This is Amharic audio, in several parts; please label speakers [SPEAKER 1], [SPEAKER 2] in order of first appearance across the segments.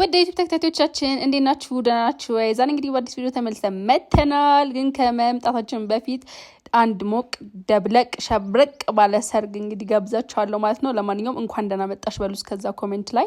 [SPEAKER 1] ወደ ዩቱብ ተከታታዮቻችን እንዴት ናችሁ? ደህና ናችሁ ወይ? ዛሬ እንግዲህ በአዲስ ቪዲዮ ተመልሰን መተናል። ግን ከመምጣታችን በፊት አንድ ሞቅ ደብለቅ ሸብረቅ ባለ ሰርግ እንግዲህ ጋብዛችኋለሁ ማለት ነው። ለማንኛውም እንኳን ደህና መጣሽ በሉ እስከዛ ኮሜንት ላይ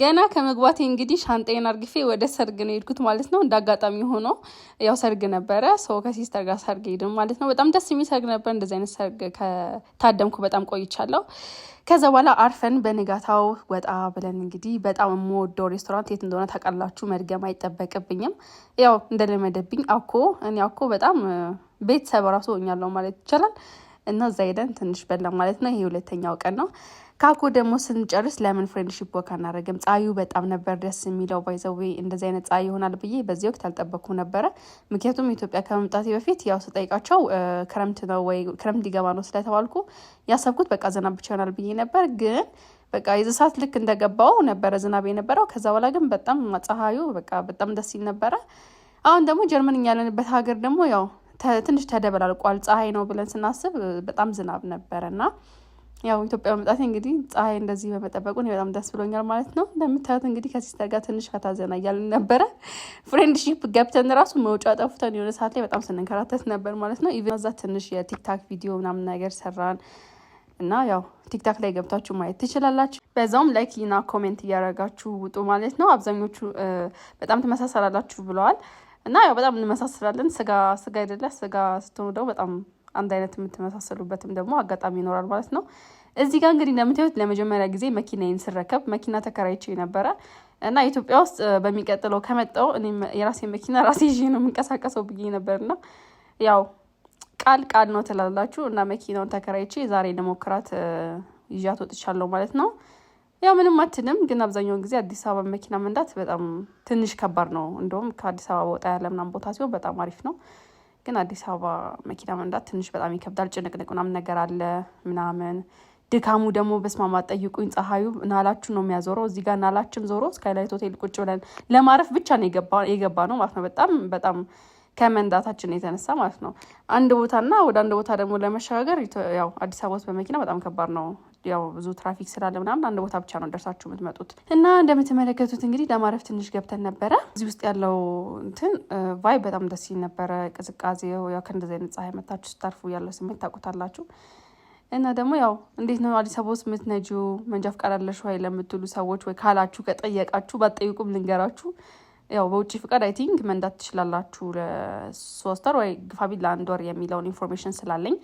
[SPEAKER 1] ገና ከመግባቴ እንግዲህ ሻንጣዬን አርግፌ ወደ ሰርግ ነው የሄድኩት ማለት ነው። እንደ አጋጣሚ ሆኖ ያው ሰርግ ነበረ ሰው ከሲስተር ጋር ሰርግ ሄድን ማለት ነው። በጣም ደስ የሚል ሰርግ ነበር። እንደዚህ አይነት ሰርግ ከታደምኩ በጣም ቆይቻለሁ። ከዛ በኋላ አርፈን በንጋታው ወጣ ብለን እንግዲህ በጣም የምወደው ሬስቶራንት የት እንደሆነ ታውቃላችሁ፣ መድገም አይጠበቅብኝም። ያው እንደለመደብኝ አኮ እኔ አኮ በጣም ቤተሰብ ራሱ ሆኛለሁ ማለት ይቻላል እና እዛ ሄደን ትንሽ በላ ማለት ነው። ይሄ ሁለተኛው ቀን ነው። ካኮ ደግሞ ስንጨርስ ለምን ፍሬንድሺፕ ወክ አናደርግም? ፀሐዩ በጣም ነበር ደስ የሚለው። ባይዘዌ እንደዚህ አይነት ፀሐይ ይሆናል ብዬ በዚህ ወቅት አልጠበኩም ነበረ። ምክንያቱም ኢትዮጵያ ከመምጣቴ በፊት ያው ስጠይቃቸው ክረምት ነው ወይ ክረምት ሊገባ ነው ስለተባልኩ ያሰብኩት በቃ ዝናብ ብቻ ይሆናል ብዬ ነበር ግን በቃ የዚ ሰዓት ልክ እንደገባው ነበረ ዝናብ የነበረው። ከዛ በኋላ ግን በጣም ፀሐዩ በቃ በጣም ደስ ይል ነበረ። አሁን ደግሞ ጀርመን ያለንበት ሀገር ደግሞ ያው ትንሽ ተደበላልቋል። ፀሐይ ነው ብለን ስናስብ በጣም ዝናብ ነበረ እና ያው ኢትዮጵያ መምጣቴ እንግዲህ ፀሐይ እንደዚህ በመጠበቁ እኔ በጣም ደስ ብሎኛል ማለት ነው። እንደምታዩት እንግዲህ ከሲስተር ጋር ትንሽ ከታዘና እያልን ነበረ። ፍሬንድሺፕ ገብተን ራሱ መውጫ ጠፉተን የሆነ ሰዓት ላይ በጣም ስንንከራተት ነበር ማለት ነው። ኢቨን እዛ ትንሽ የቲክታክ ቪዲዮ ምናምን ነገር ሰራን እና ያው ቲክታክ ላይ ገብታችሁ ማየት ትችላላችሁ። በዛውም ላይክ እና ኮሜንት እያደረጋችሁ ውጡ ማለት ነው። አብዛኞቹ በጣም ትመሳሰላላችሁ ብለዋል እና ያው በጣም እንመሳሰላለን። ስጋ ስጋ አይደለ ስጋ ስትሆኑ ደግሞ በጣም አንድ አይነት የምትመሳሰሉበትም ደግሞ አጋጣሚ ይኖራል ማለት ነው። እዚህ ጋር እንግዲህ እንደምታዩት ለመጀመሪያ ጊዜ መኪናዬን ስረከብ መኪና ተከራይቼ ነበረ እና ኢትዮጵያ ውስጥ በሚቀጥለው ከመጣው እኔም የራሴ መኪና ራሴ ይዤ ነው የምንቀሳቀሰው ብዬ ነበርና ያው ቃል ቃል ነው ትላላችሁ እና መኪናውን ተከራይቼ ዛሬ ለሞክራት ይዣት ወጥቻለሁ ማለት ነው። ያው ምንም አትልም፣ ግን አብዛኛውን ጊዜ አዲስ አበባ መኪና መንዳት በጣም ትንሽ ከባድ ነው። እንደውም ከአዲስ አበባ ወጣ ያለ ምናምን ቦታ ሲሆን በጣም አሪፍ ነው። ግን አዲስ አበባ መኪና መንዳት ትንሽ በጣም ይከብዳል። ጭንቅንቅ ምናምን ነገር አለ ምናምን ድካሙ ደግሞ በስማማ ጠይቁኝ። ፀሐዩ ናላችሁ ነው የሚያዞረው። እዚህ ጋር ናላችን ዞሮ ስካይላይት ሆቴል ቁጭ ብለን ለማረፍ ብቻ ነው የገባ ነው ማለት ነው። በጣም በጣም ከመንዳታችን የተነሳ ማለት ነው። አንድ ቦታና ወደ አንድ ቦታ ደግሞ ለመሸጋገር ያው አዲስ አበባ ውስጥ በመኪና በጣም ከባድ ነው። ያው ብዙ ትራፊክ ስላለ ምናምን አንድ ቦታ ብቻ ነው ደርሳችሁ የምትመጡት እና እንደምትመለከቱት እንግዲህ ለማረፍ ትንሽ ገብተን ነበረ። እዚህ ውስጥ ያለው እንትን ቫይ በጣም ደስ ይል ነበረ። ቅዝቃዜው ያው ከእንደዚህ አይነት ፀሐይ መታችሁ ስታርፉ ያለው ስሜት ታውቁታላችሁ። እና ደግሞ ያው እንዴት ነው አዲስ አበባ ውስጥ የምትነጂው መንጃ ፍቃድ አለሽ ወይ ለምትሉ ሰዎች ወይ ካላችሁ ከጠየቃችሁ ባጠይቁም ልንገራችሁ ያው በውጭ ፍቃድ አይ ቲንክ መንዳት ትችላላችሁ ለሶስት ወር ወይ ግፋቢል ለአንድ ወር የሚለውን ኢንፎርሜሽን ስላለኝ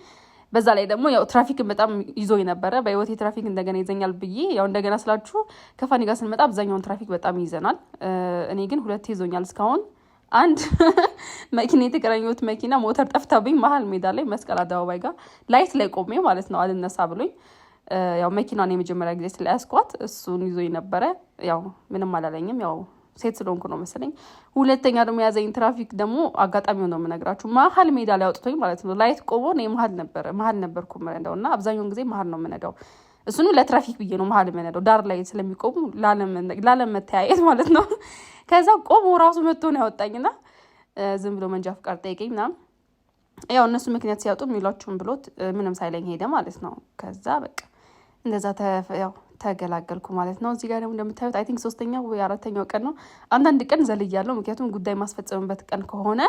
[SPEAKER 1] በዛ ላይ ደግሞ ያው ትራፊክን በጣም ይዞ ነበረ። በህይወቴ ትራፊክ እንደገና ይዘኛል ብዬ ያው እንደገና ስላችሁ ከፋኒ ጋር ስንመጣ አብዛኛውን ትራፊክ በጣም ይዘናል። እኔ ግን ሁለቴ ይዞኛል እስካሁን። አንድ መኪና የተገናኘሁት መኪና ሞተር ጠፍታብኝ መሀል ሜዳ ላይ መስቀል አደባባይ ጋር ላይት ላይ ቆሜ ማለት ነው አልነሳ ብሎኝ ያው መኪናን የመጀመሪያ ጊዜ ስለያስኳት እሱን ይዞኝ ነበረ። ያው ምንም አላለኝም ያው ሴት ስለሆንኩ ነው መሰለኝ። ሁለተኛ ደግሞ የያዘኝ ትራፊክ ደግሞ አጋጣሚ ነው የምነግራችሁ፣ መሀል ሜዳ ላይ አውጥቶኝ ማለት ነው። ላይት ቆሞ እኔ መሀል ነበረ መሀል ነበርኩ የምነዳው እና አብዛኛውን ጊዜ መሀል ነው የምነዳው። እሱንም ለትራፊክ ብዬ ነው መሀል የምነዳው፣ ዳር ላይ ስለሚቆሙ ላለመተያየት ማለት ነው። ከዛ ቆሞ ራሱ መጥቶ ነው ያወጣኝና ዝም ብሎ መንጃ ፍቃድ ጠይቀኝ ምናምን ያው እነሱ ምክንያት ሲያውጡ የሚሏችሁን ብሎት ምንም ሳይለኝ ሄደ ማለት ነው። ከዛ በቃ እንደዛ ያው ተገላገልኩ ማለት ነው። እዚህ ጋር ደግሞ እንደምታዩት አይ ቲንክ ሶስተኛ ወይ አራተኛው ቀን ነው። አንዳንድ ቀን ዘልያለሁ፣ ምክንያቱም ጉዳይ ማስፈጸምበት ቀን ከሆነ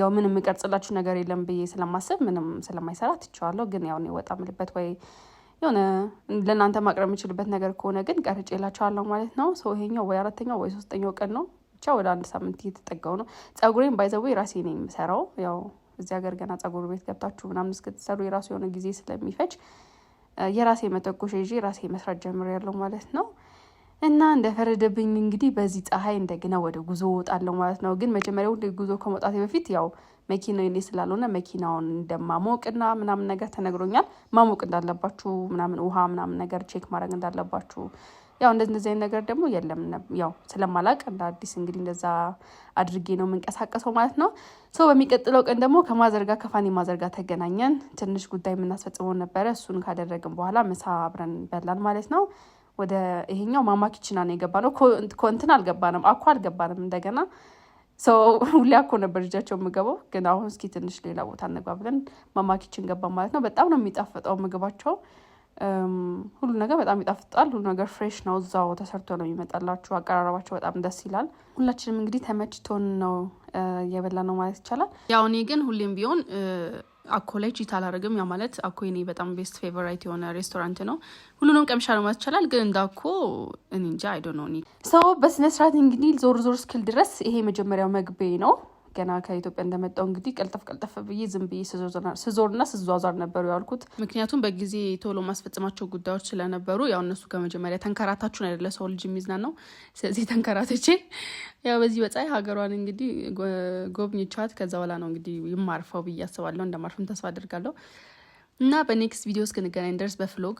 [SPEAKER 1] ያው ምንም የምቀርጽላችሁ ነገር የለም ብዬ ስለማስብ ምንም ስለማይሰራ ትችዋለሁ። ግን ያው ወጣ ምልበት ወይ የሆነ ለእናንተ ማቅረብ የምችልበት ነገር ከሆነ ግን ቀርጬላችኋለሁ ማለት ነው። ሰው ይሄኛው ወይ አራተኛው ወይ ሶስተኛው ቀን ነው። ብቻ ወደ አንድ ሳምንት እየተጠጋው ነው። ጸጉሬን ባይዘዌ ራሴ ነው የምሰራው። ያው እዚህ ሀገር ገና ጸጉር ቤት ገብታችሁ ምናምን እስክትሰሩ የራሱ የሆነ ጊዜ ስለሚፈጅ የራሴ መተኮሻ ይዤ ራሴ መስራት ጀምሬያለሁ ማለት ነው። እና እንደፈረደብኝ እንግዲህ በዚህ ፀሐይ እንደገና ወደ ጉዞ እወጣለሁ ማለት ነው። ግን መጀመሪያ ጉዞ ከመውጣቴ በፊት ያው መኪናው የኔ ስላልሆነ መኪናውን እንደማሞቅና ምናምን ነገር ተነግሮኛል። ማሞቅ እንዳለባችሁ ምናምን ውሃ ምናምን ነገር ቼክ ማድረግ እንዳለባችሁ ያው እንደዚህ አይነት ነገር ደግሞ የለም። ያው ስለማላቅ እንደ አዲስ እንግዲህ እንደዛ አድርጌ ነው የምንቀሳቀሰው ማለት ነው። ሰው በሚቀጥለው ቀን ደግሞ ከማዘርጋ ከፋኒ ማዘርጋ ተገናኘን። ትንሽ ጉዳይ የምናስፈጽመው ነበረ። እሱን ካደረግን በኋላ ምሳ አብረን በላን ማለት ነው። ወደ ይሄኛው ማማ ኪችና ነው የገባ ነው። እንትን አልገባንም፣ አኮ አልገባንም። እንደገና ሰው ሁሌ አኮ ነበር እጃቸው የምገባው፣ ግን አሁን እስኪ ትንሽ ሌላ ቦታ እንግባ ብለን ማማ ኪችን ገባ ማለት ነው። በጣም ነው የሚጣፍጠው ምግባቸው ሁሉ ነገር በጣም ይጣፍጣል። ሁሉ ነገር ፍሬሽ ነው፣ እዛው ተሰርቶ ነው የሚመጣላችሁ። አቀራረባቸው በጣም ደስ ይላል። ሁላችንም እንግዲህ ተመችቶን ነው እየበላ ነው ማለት ይቻላል። ያው እኔ ግን ሁሌም ቢሆን አኮ ላይ ቺት አላደርግም። ያ ማለት አኮ እኔ በጣም ቤስት ፌቨራይት የሆነ ሬስቶራንት ነው። ሁሉንም ቀምሻ ነው ማለት ይቻላል። ግን እንደ አኮ እኔ እንጃ አይዶ ነው። ሰው በስነስርዓት እንግዲህ ዞር ዞር እስክል ድረስ ይሄ መጀመሪያው መግቤ ነው። ገና ከኢትዮጵያ እንደመጣው እንግዲህ ቀልጠፍ ቀልጠፍ ብዬ ዝም ብዬ ስዞርና ስዟዟር ነበሩ ያልኩት። ምክንያቱም በጊዜ ቶሎ ማስፈጽማቸው ጉዳዮች ስለነበሩ ያው እነሱ ከመጀመሪያ ተንከራታችሁን አይደለ ሰው ልጅ የሚዝና ነው። ስለዚህ ተንከራትቼ ያው በዚህ በፀሐይ ሀገሯን እንግዲህ ጎብኝቻት ከዛ በኋላ ነው እንግዲህ ይማርፈው ብዬ አስባለሁ። እንደማርፍም ተስፋ አድርጋለሁ እና በኔክስት ቪዲዮ እስክንገናኝ ድረስ በፍሎግ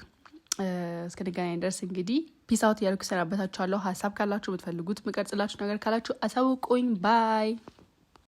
[SPEAKER 1] እስክንገናኝ ድረስ እንግዲህ ፒስ አውት እያልኩ ይሰናበታችኋለሁ። ሀሳብ ካላችሁ የምትፈልጉት ምቀርጽላችሁ ነገር ካላችሁ አሳውቁኝ። ባይ